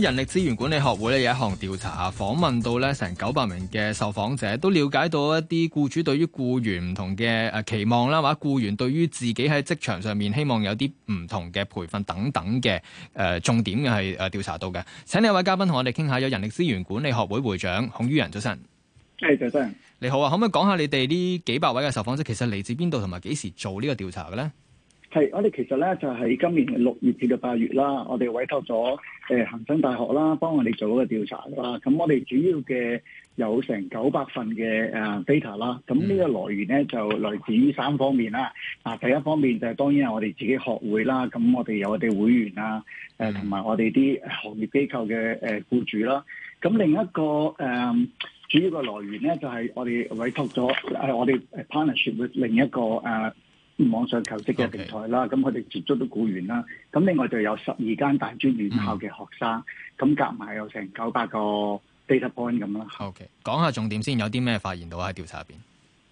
人力資源管理學會咧有一項調查啊，訪問到咧成九百名嘅受訪者，都了解到一啲僱主對於僱員唔同嘅誒期望啦，或者僱員對於自己喺職場上面希望有啲唔同嘅培訓等等嘅誒、呃、重點嘅係誒調查到嘅。請兩位嘉賓同我哋傾下，有人力資源管理學會會會長孔于人，早晨。係、hey, 早晨。你好啊，可唔可以講下你哋呢幾百位嘅受訪者，其實嚟自邊度同埋幾時做呢個調查嘅呢？係，我哋其實咧就喺、是、今年六月至到八月啦，我哋委托咗誒恆生大學啦，幫我哋做一個調查啦。咁我哋主要嘅有成九百份嘅誒 data、呃、啦。咁呢個來源咧就來自於三方面啦。啊，第一方面就係、是、當然係我哋自己學會啦。咁我哋有我哋會員啊，誒同埋我哋啲行業機構嘅誒、呃、僱主啦。咁另一個誒、呃、主要嘅來源咧就係、是、我哋委托咗誒我哋 partnership with 另一個誒，呃網上求職嘅平台啦，咁佢哋接觸到僱員啦，咁另外就有十二間大專院校嘅學生，咁夾埋有成九百個 data point 咁啦。OK，講下重點先，有啲咩發現到喺調查入邊？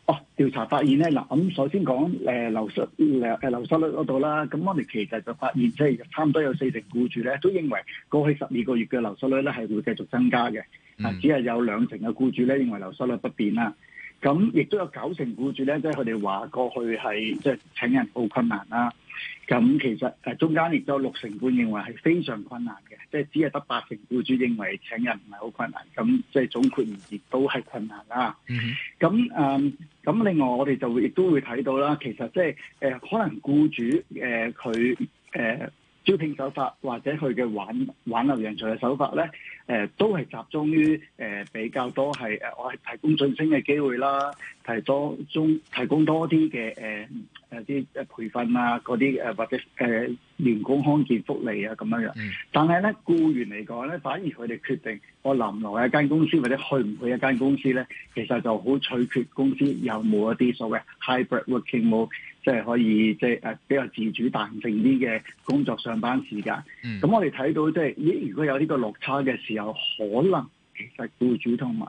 哦，調查發現咧，嗱，咁首先講誒流失誒流失率嗰度啦，咁我哋其實就發現即係、就是、差唔多有四成僱主咧都認為過去十二個月嘅流失率咧係會繼續增加嘅，啊、嗯，只係有兩成嘅僱主咧認為流失率不變啦。咁亦都有九成雇主咧，即係佢哋話過去係即係請人好困難啦。咁其實誒中間亦都有六成半認為係非常困難嘅，即係只係得八成雇主認為請人唔係好困難。咁即係總括而言都係困難啦。咁咁、mm hmm. 嗯、另外我哋就亦都會睇到啦。其實即係誒可能雇主誒佢誒。呃招聘手法或者佢嘅挽挽留人才嘅手法咧、呃，都係集中於、呃、比較多係我係提供晉升嘅機會啦，提多中提供多啲嘅誒誒啲培訓啊嗰啲、呃、或者誒員、呃、工康健福利啊咁樣。Mm. 但係咧，僱員嚟講咧，反而佢哋決定我留唔留一間公司或者去唔去一間公司咧，其實就好取決公司有冇一啲所謂 hybrid working mode。即係可以，即係誒，比較自主彈性啲嘅工作上班時間。咁、嗯、我哋睇到，即係，如果有呢個落差嘅時候，可能其實僱主同埋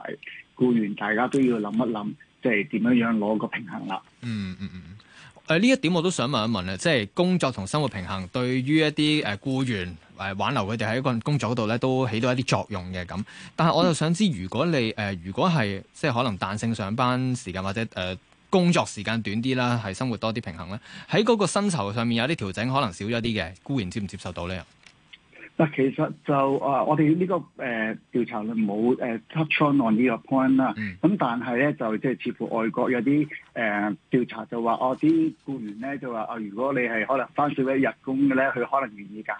僱員大家都要諗一諗，即係點樣樣攞個平衡啦、嗯。嗯嗯嗯。誒、呃，呢一點我都想問一問啦，即、就、係、是、工作同生活平衡對於，對於一啲誒僱員誒挽留佢哋喺一個工作度咧，都起到一啲作用嘅咁。但係我就想知道如果你、呃，如果你誒，如果係即係可能彈性上班時間或者誒。呃工作時間短啲啦，係生活多啲平衡啦。喺嗰個薪酬上面有啲調整，可能少咗啲嘅，固然接唔接受到咧。嗱，其實就啊，我哋呢、呢個誒、呃、調查咧冇誒 touch on on 呢個 point 啦。咁但係咧、嗯、就即係似乎外國有啲。誒，調、呃、查就話哦，啲僱員咧就話、哦、如果你係可能翻少一日工嘅咧，佢可能願意減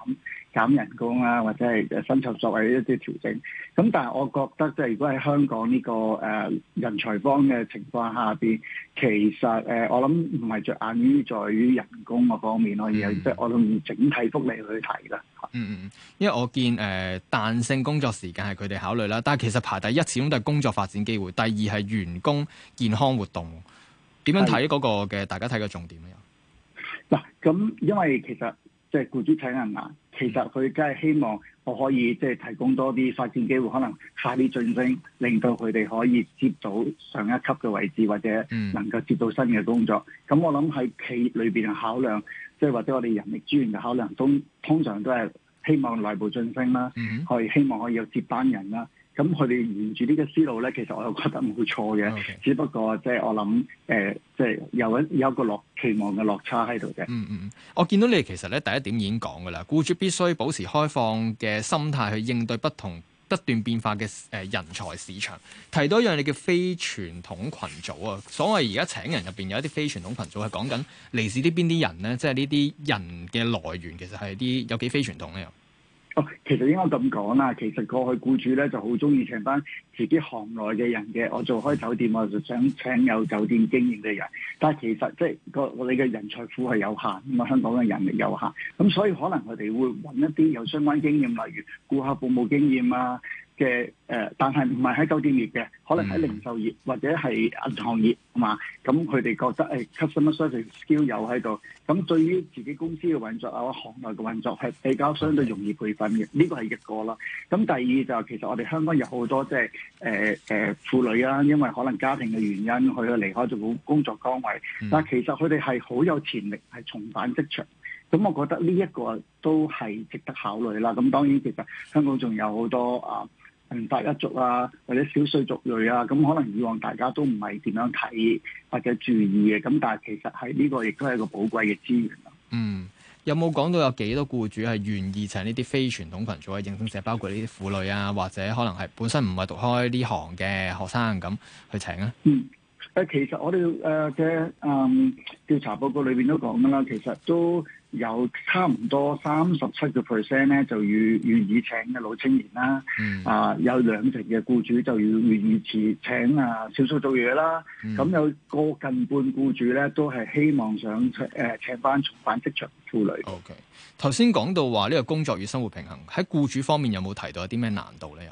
減人工啦、啊，或者係薪酬作為一啲調整。咁但係我覺得即、就、係、是、如果喺香港呢、這個誒、呃、人才方嘅情況下邊，其實誒、呃、我諗唔係着眼於在於人工嗰方面可以，即係、嗯、我諗整體福利去提啦。嗯嗯嗯，因為我見誒彈、呃、性工作時間係佢哋考慮啦，但係其實排第一始終都係工作發展機會，第二係員工健康活動。點樣睇嗰個嘅？的大家睇個重點咧？嗱，咁因為其實即係雇主請人啊，其實佢梗係希望我可以即係、就是、提供多啲發展機會，可能快啲晉升，令到佢哋可以接到上一級嘅位置，或者能夠接到新嘅工作。咁的我諗喺企業裏邊嘅考量，即係或者我哋人力資源嘅考量，通通常都係希望內部晉升啦，的可以希望可以有接班人啦。咁佢哋沿住呢個思路咧，其實我又覺得冇錯嘅，Okay. 只不過即係、就是、我諗，即、呃、係、就是、有一個有一個落期望嘅落差喺度嘅。嗯嗯，我見到你其實咧第一點已經講㗎啦，僱主必須保持開放嘅心態去應對不同不斷變化嘅誒人才市場，提到一樣你嘅非傳統群組啊，所謂而家請人入邊有一啲非傳統群組，係講緊嚟自啲邊啲人咧，即係呢啲人嘅來源其實係啲有幾非傳統咧？哦，其實應該咁講啦，其實過去僱主咧就好中意請翻，自己行內嘅人嘅，我做開酒店我就想請有酒店經驗嘅人，但係其實即係個我哋嘅人才庫係有限，咁啊香港嘅人力有限，咁所以可能佢哋會搵一啲有相關經驗，例如顧客服務經驗啊嘅誒、呃，但係唔係喺酒店業嘅，可能喺零售業或者係銀行業係嘛，咁佢哋覺得誒 customer service skill 有喺度，咁對於自己公司嘅運作啊或行內嘅運作係比較相對容易培訓嘅，呢、這個係一個啦。咁第二就係、是、其實我哋香港有好多即係。誒誒婦女啦，因為可能家庭嘅原因，佢去離開咗工工作崗位，但係其實佢哋係好有潛力，係重返職場。咁我覺得呢一個都係值得考慮啦。咁當然其實香港仲有好多啊貧乏一族啊，或者少數族裔啊，咁可能以往大家都唔係點樣睇或者注意嘅，咁但係其實係呢、呢個亦都係一個寶貴嘅資源嗯。有冇講到有幾多僱主係願意請呢啲非傳統群組嘅應徵者，包括呢啲婦女啊，或者可能係本身唔係讀開呢行嘅學生咁去請啊？嗯，誒，其實我哋誒嘅嗯調查報告裏邊都講噶啦，其實都。有差唔多三十七個 percent 咧，就要願意請嘅老青年啦。啊、嗯，有兩成嘅僱主就要願意次請啊，少數做嘢啦。咁、嗯、有個近半僱主咧，都係希望想誒請翻、呃、重返職場婦女。O K。頭先講到話呢個工作與生活平衡喺僱主方面有冇提到一啲咩難度咧？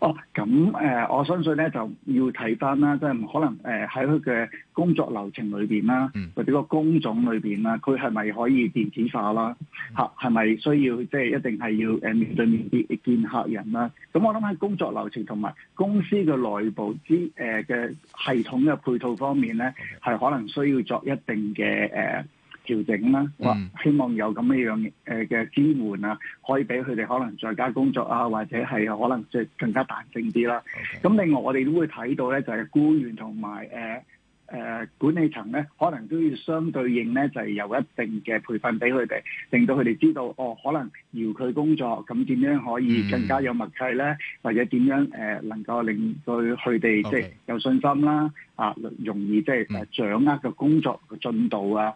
哦，咁誒、呃，我相信咧，就要睇返啦，即係唔可能誒喺佢嘅工作流程裏面啦，或者個工種裏面啦，佢係咪可以電子化啦？係咪需要即係一定係要面對面見客人啦？咁我諗喺工作流程同埋公司嘅內部之誒嘅、呃、系統嘅配套方面咧，係可能需要作一定嘅誒，呃調整啦，或希望有咁嘅樣誒嘅支援啊，可以俾佢哋可能在家工作啊，或者係可能即係更加彈性啲啦。咁 Okay. 另外我哋都會睇到咧，就係僱員同埋誒誒管理層咧，可能都要相對應咧，就係有一定嘅培訓俾佢哋，令到佢哋知道哦，可能遙距工作咁點樣，樣可以更加有默契咧，或者點樣誒、呃、能夠令到佢哋即係有信心啦，啊容易即係掌握嘅工作嘅進度、嗯、啊。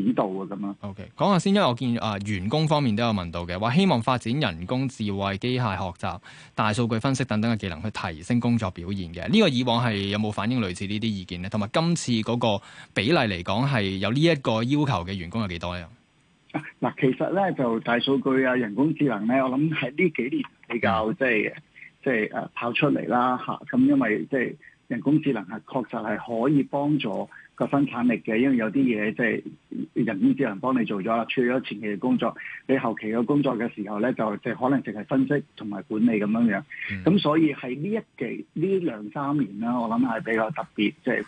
指導啊咁啊，OK，講下先，因為我見啊、呃、員工方面都有問到嘅，話希望發展人工智慧、機械學習、大數據分析等等嘅技能去提升工作表現嘅。呢、這個以往係有冇反映類似呢啲意見咧？同埋今次嗰個比例嚟講係有呢一個要求嘅員工有幾多咧？嗱，其實咧就大數據啊、人工智能咧，我諗係呢幾年比較即係即係誒跑出嚟啦嚇。咁、啊、因為即係人工智能係確實係可以幫助個生產力嘅，因為有啲嘢即係人工智能幫你做咗啦，處理咗前期嘅工作，你後期嘅工作嘅時候咧，就即係可能淨係分析同埋管理咁樣樣，咁、嗯、所以喺呢一期呢兩三年啦，我諗係比較特別，即係誒。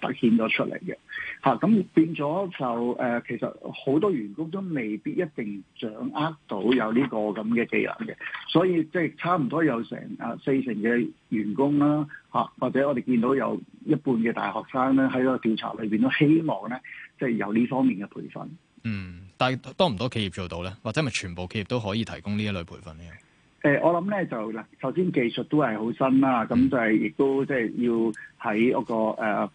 突顯咗出嚟嘅，嚇、咁變咗就誒、呃，其實好多員工都未必一定掌握到有呢個咁嘅技能嘅，所以即係差唔多有成啊四成嘅員工啦，嚇、啊、或者我哋見到有一半嘅大學生咧喺個調查裏邊都希望咧，即、就、係、是、有呢方面嘅培訓。嗯，但係多唔多企業做到咧？或者係咪全部企業都可以提供呢一類培訓咧？誒、呃，我諗咧就嗱，首先技術都係好新啦，咁就係亦都即係要喺嗰、那個、呃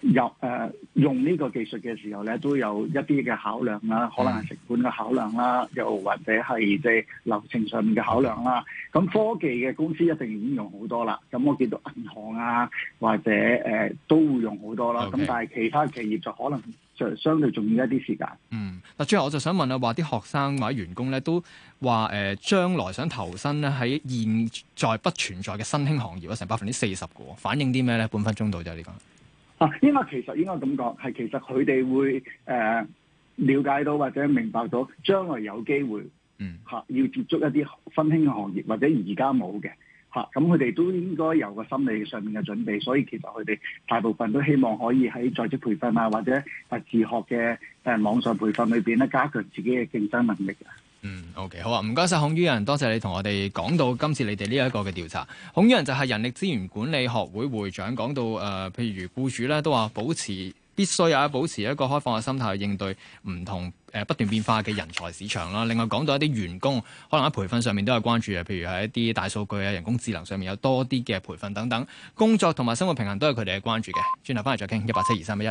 入誒用呢個技術嘅時候咧，都有一啲嘅考量啦，可能係成本嘅考量啦，又、嗯、或者係即係流程上面嘅考量啦。咁 Okay. 科技嘅公司一定已經用好多啦。咁我見到銀行啊，或者誒、呃、都會用好多啦。咁 Okay. 但係其他企業就可能就相對重要一啲時間。嗯，嗱，最後我就想問啊，話啲學生或者員工咧都話誒、呃、將來想投身咧喺現在不存在嘅新興行業，有成百分之四十個反映啲咩咧？半分鐘度就係呢個。啊，因為其實應該咁講，係其實佢哋會誒瞭解到或者明白到將來有機會，嗯，嚇要接觸一啲新興嘅行業或者而家冇嘅，嚇咁佢哋都應該有個心理上面嘅準備，所以其實佢哋大部分都希望可以喺在在職培訓啊或者啊自學嘅誒網上培訓裏邊咧加強自己嘅競爭能力啊。嗯，OK，好啊，唔該晒孔于人，多謝你同我哋講到今次你哋呢一個嘅調查。孔于人就係人力資源管理學會會長，講到誒，譬如僱主咧都話保持必須啊，保持一個開放嘅心態去應對唔同誒、呃、不斷變化嘅人才市場啦。另外講到一啲員工，可能喺培訓上面都有關注嘅，譬如喺一啲大數據啊、人工智能上面有多啲嘅培訓等等，工作同埋生活平衡都係佢哋嘅關注嘅。轉頭翻嚟再傾，一八七二三一一。